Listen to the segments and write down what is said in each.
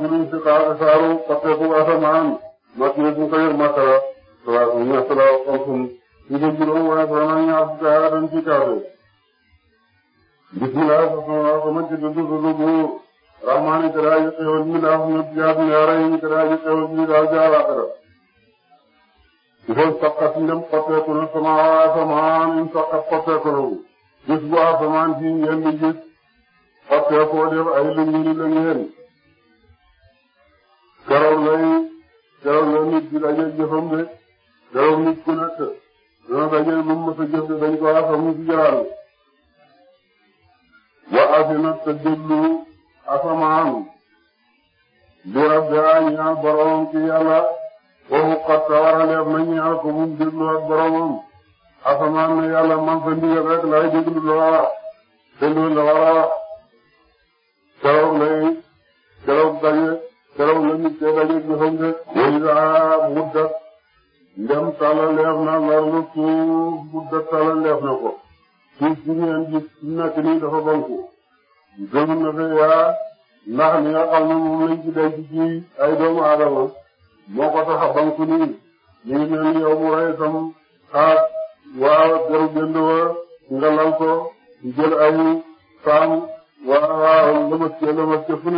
buñu si saa saaru soppeeku asamaan màcc na ñu ko yor masara waaw ñu nekk la am suñu ñu dégg juróom waaye sax nañu ñaar fukki at dañ ciy kaafee. bisimilah bisimilah sama ci dugg dugg rahmaani kadaa yi xewal mi daa xam ne jaat ñaara yi kadaa yi xewal mi daa jaalaaxira. loolu saqat ndem soppeeku na sama asamaan in saqat soppeeku na wu. gis bu asamaan fii ngeen di gis soppeeku def ay lu ñu ni la ngeen. keroog lay keroog la nit di dajeel jëfam de keroog nit ku nekk dana dajeel lu mu mës a jëf de dañ ko a xam ñu ci jaraanu wa asina te déglu asamaan li rabbiha ñaal boromam war a leef na ñaal ko mu ak boromam asamaan fa ndigal rek lay déglu la war a déglu la war a wax keroog lay keroog la nit te daje jëfandikoo. wala daa mudda ndem talaleef na lorlu suuf mudda talaleef na ko. suuf si ngeen gis nekk nii dafa banku. gëm na fa yaa ndax li nga xam ne moom lañ ay doomu aadama moo ko tax a banku nii ñu ngi mel ni yow mu rey waa gërëm jënd nga lal ko ay saam waa waa lëmas ca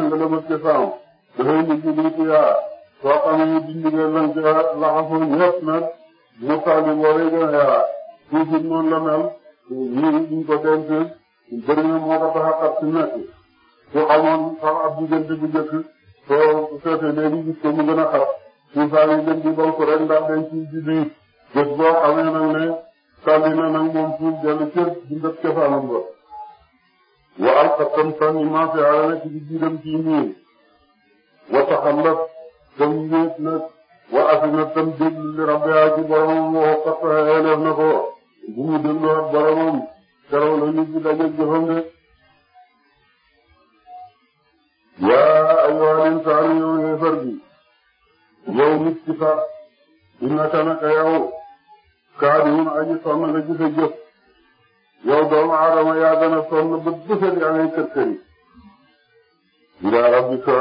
nga lëmas ca saam. dafay mujj di tiyaara soo xam ne dindi leen lan ca laxasoo ñëpp nag mu tàlli boole gën a yaraat toujours la mel ñii duñ ko denc bëri na moo ko tax a si nekk su xamoon sax ab bu njëkk soo seetee léegi gis ko mu gën a xat yi gën di bal ko rek ndax dañ ciy ji bi bés boo xamee nag ne tàlli na nag moom suuf dellu cër di ndëpp cosaanam ba wa alxatam sànni maa fi aarale ci miin wa taxallat tam wéet nag wa asina tam déglu li rabbiha ci boromam woo xataa eleef na ko bu mu déglu ak boromam keroog la nit ñi dajeeg jëfam de yaa ayyuhal insaanu yow yéefar bi yow nit ki sax innaka naka yow kaadihun aji sonn nga ci sa jëf yow doomu aadama yaa gën a sonn ba bësal yaa ngay kër kër yi ila rabbika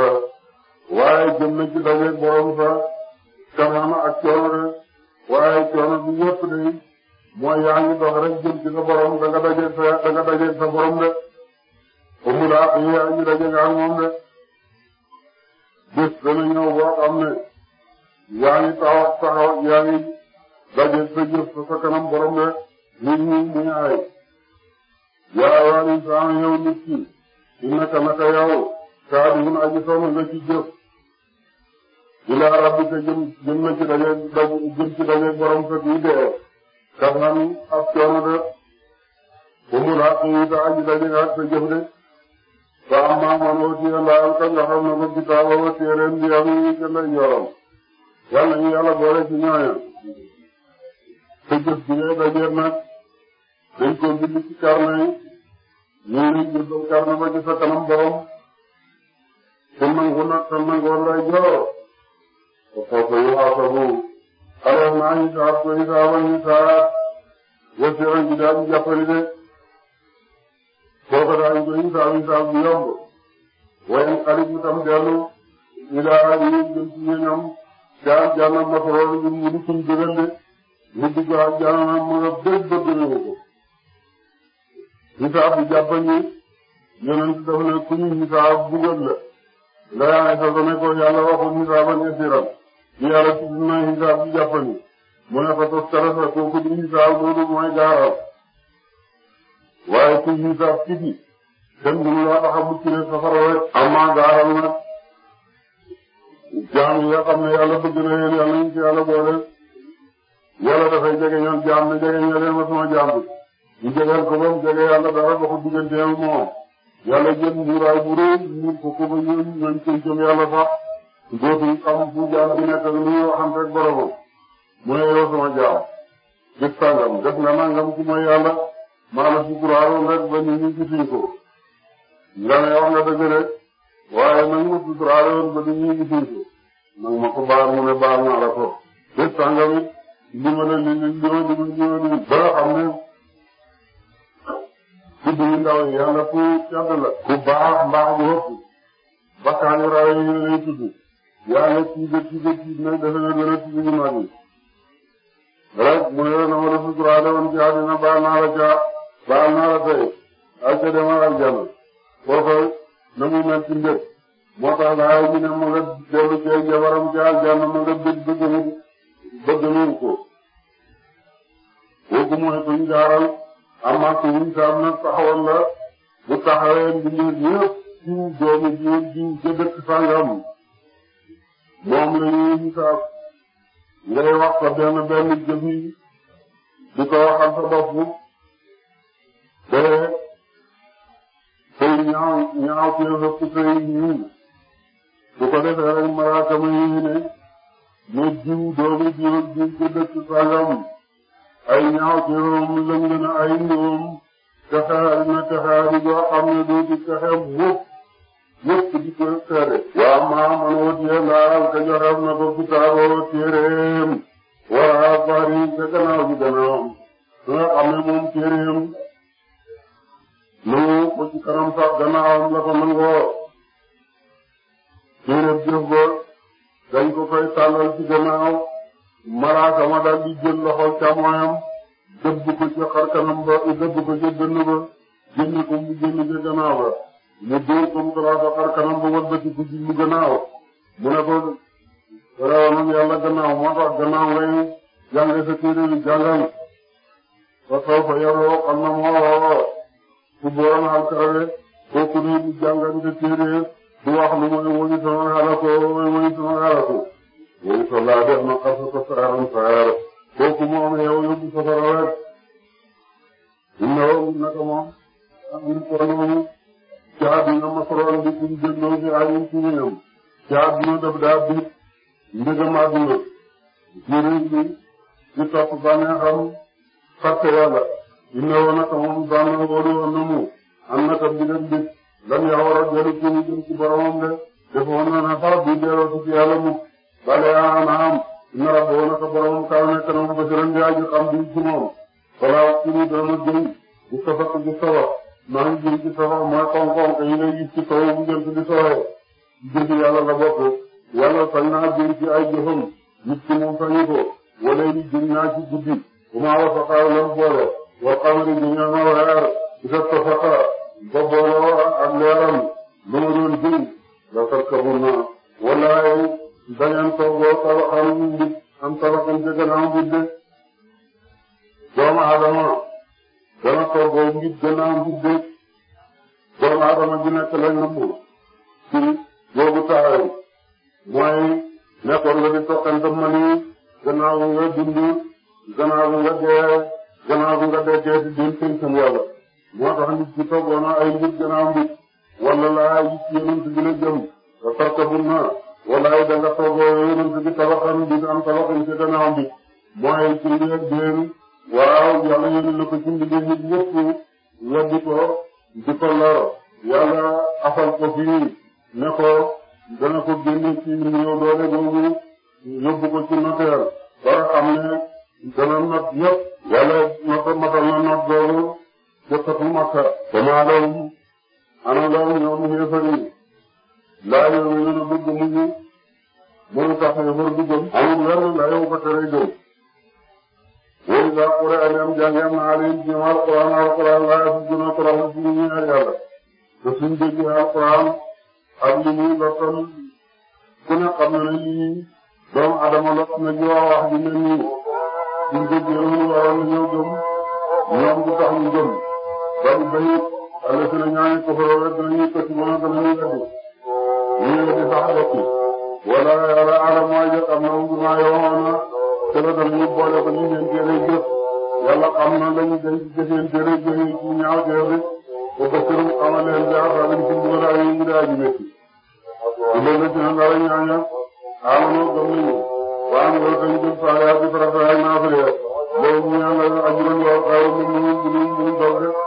waaye jëm na borom sa kamaana ak coono rek waaye coono bi yëpp mooy yaa ngi dox rek jëm borom da nga dajeeg sa da borom de xamu laa xëy na ñu dajeeg ak moom de bés dana ñëw boo xam ne yaa ngi taxaw yaa ngi dajeeg sa jëf sa kanam borom de nit ñi mu ñaay yaa waa insaan yow nit ki innaka naka yow kaa di mun aji sonn nga ci jëf. ila rabbika jëm jëm na ci daje daw jëm ci daje borom sa bii dee daf xam ab coono de ba mu laaj muy tax a ji daje ak sa jëf de ba am maa man woo téye ndaal ka nga xam ne ko kitaaba wa téereem bi am yi ca lay ñoram yàlla ñu yàlla boole ci ñooña sa jëf bi ngay daje nag dañ ko bind ci carnet yi ñu ngi jëndal carnet ba ci sa kanam borom man ku nag te man ko lay وسوف يحاسب ألم أنشأ الطير والنساء وسع الجدال جفرده foofa daañu koy hisaab hisaab bu yomb waaye xarit bi tam dellu ilaa aadama jëm ci ñoom caa jàmm ak masaroor yi mu di suñ diggante ñu di ko ak jàmm ak mën a béy ba dëgëral ko. hisaab bi jàpp nañu yonent dafa ne ku ñu hisaab bugal la. ndax yaa ngi ko yàlla waxul hisaaban yasiran yàlla ci biir naa bi jàppandi mu ne ko tos tarafa kooku di Isa loolu gaaral waaye ci Isa ci bi kenn mënu laa tax a mucc ne safara rek amaa gaaral nag jaam yi nga xam ne yàlla bëgg na leen yàlla ñu ci yàlla boole yàlla dafay jege ñoom jaam ne jege ñaareel ma sama jaam bi ñu jegeel ko ba mu jege yàlla dara ba ko digganteem moom yàlla jël muraay bu rëy mu ko ko ba ñoom ñoom koy jëm yàlla sax. góor gi xamul fu jaam bi nekk lu muy waxante ak boromam mooy yow sama jaam def sàngam def nga nangam ku mooy yàlla maa na suturaaloon rek ba nit ñi gisuñ nga ne wax nga waaye nag ma suturaaloon ba nit ñi gisuñ ma ko baal mu ne baal naa la ko def sàngam it li ma leen li li ma dugg li ma ku yàgg la ku baax mbaax bu ëpp bakkaanu rawe yi ñu lay tudd waaye ci biir ci biir ci biir nag defe naa gën a ci biir mag yi rek mu ne la nama la suturaale woon ci àddina baal naa la caa baal naa la tey ak ca demal aljana foofa na mu mel ci mbir moo tax laay ñu ne mu nga dellu ci jabaram ci aljana mu nga bëgg bëgg mu bëgg mu ko kooku mooy kuñ jaaral amaa ku wuñ saam nag taxawal la bu taxawee mbir yëpp jiw doomu jiw jiw ca dëkk sangam moom la ñuy xisaab ngay wax sa benn benn jëf yi di ko waxal sa bopp te tey ñaaw ñaaw ci sa coupé yi ñuul su ko defee rek malaaka ma yi ne ne jiw doomu jiw jiw ci dëkk sangam ay ñaaw ci moom lëng na ay ñoom texaari na texaari boo xam ne doo ci texeem mukk ñëpp di ko seede waa maa man wutiye laaral ka joxeef na ko kitaaboo téeréem waa bari ka gannaaw gi gannaawam ka nga xam ne moom téeréem ko ci kanam sax gannaawam la ko nangoo téeréem jëf ba dañ ko koy tàllal ci gannaaw malaaka ma dal di jël loxol càmmooyam dëbb ko ci xar kanam ba dëbb ko ci dënn ba génn ko mu génn ci gannaaw ba mu dóor ko mu ba xar kanam ba wëlbati ko jublu gannaaw mu ne ko rawanam yàlla gannaaw moo tax gannaaw ngay jàngee sa téere bi jàngal fa taw fa yaroo xam na moo woo ku booran xal karawe kooku nii di jàngal sa téere du wax lu mooy wëñu sama xalaat ko mooy wëñu sama xalaat ko wëñu sa laa def na xas ko saaram saar kooku moom yow yóbbu safara rek inna woo naka moom am ko caab yi nga masaroon bi ci dégloo ci ay ci ñëw caab yi daf daa bi ndegam àdduna jëriñ bi ci topp inna woon naka moom bànneex ngoolu woon bi leen bit lam yaa war a jëlu ci ñu jëm ci defoon na ne sax bi delloo ci yàlla bale am am inna rabbo naka boromam kaw nekk na mu basiran bi aju sañu ko wala ni jëñ naa ci guddi bu ma la faqaa lam boole wal qamari jëñ naa ma weer isa tafaqa ba booloo ak lu ma doon jëñ la tarkabun na walaay dañeen toggoo tabaxan nit am tabaxan ca gannaaw nit de doomu aadama dana toggoo nit gannaaw nit de doomu aadama ji nekk lañ nëpp ci boobu taxaw mooy nekkoon la di toqante mani gannaaw nga dund gannaaw nga dee gannaaw nga dee dee di jël seen seen yàlla moo tax nit ki toogoon na ay nit gannaaw nit bi la jëm te tarkabun na wala ay danga toogoo yonent bi tabaxam bi am tabaxam ci gannaaw nit mooy ci leeg deen waaw yàlla yónni la ko ci ndigal nit ñëpp weddi ko di ko lor yàlla afal ko fii ne ko dana ko génne ci néew doole googu yóbbu ko ci noter ba nga xam ne dana not yëpp yàlla not matal na not boobu jëkkatu Makka damaa doon ana doon ñoom ñeefar yi laa yow ñu ne bëgg mu ñu mënu taxaw xër bu gëm amul lenn laa yow ko tere gëm wóolu daa ko rek aleem jàngeem naa leen ci alquran alquran laa a torox ci ñu li muy lottal ku ne xam na ne ñii doomu Adama la xam ne ñu wax wax ñu mel nii suñ déggee loolu waroon nañoo gëm ñoom du tax ñu gëm ba ñu béy àll si ne ñaari koforo rek dinañuy tëj mën a danañuy tëj ñu ngi leen di sax rek wala wala Adama mooy jot am na wu ñu maa yoroon na te la danañu boole ko ñu ngi leen jëlee jëf wala xam na lañu dañ ci jëfee jëlee jëlee ci ñaaw jëf rek ba ba këram amal leen jaaxal nañ ci mën a ay yu ñu daal di métti. te loolu la ci nag dara ñaañal. amoon gëm nañu waaw loolu dañu jël saa yaatu faram-faram ay naafile loolu ñu ñaan la ak juróom-ñi waaw waaw ñun ñun ñun ñun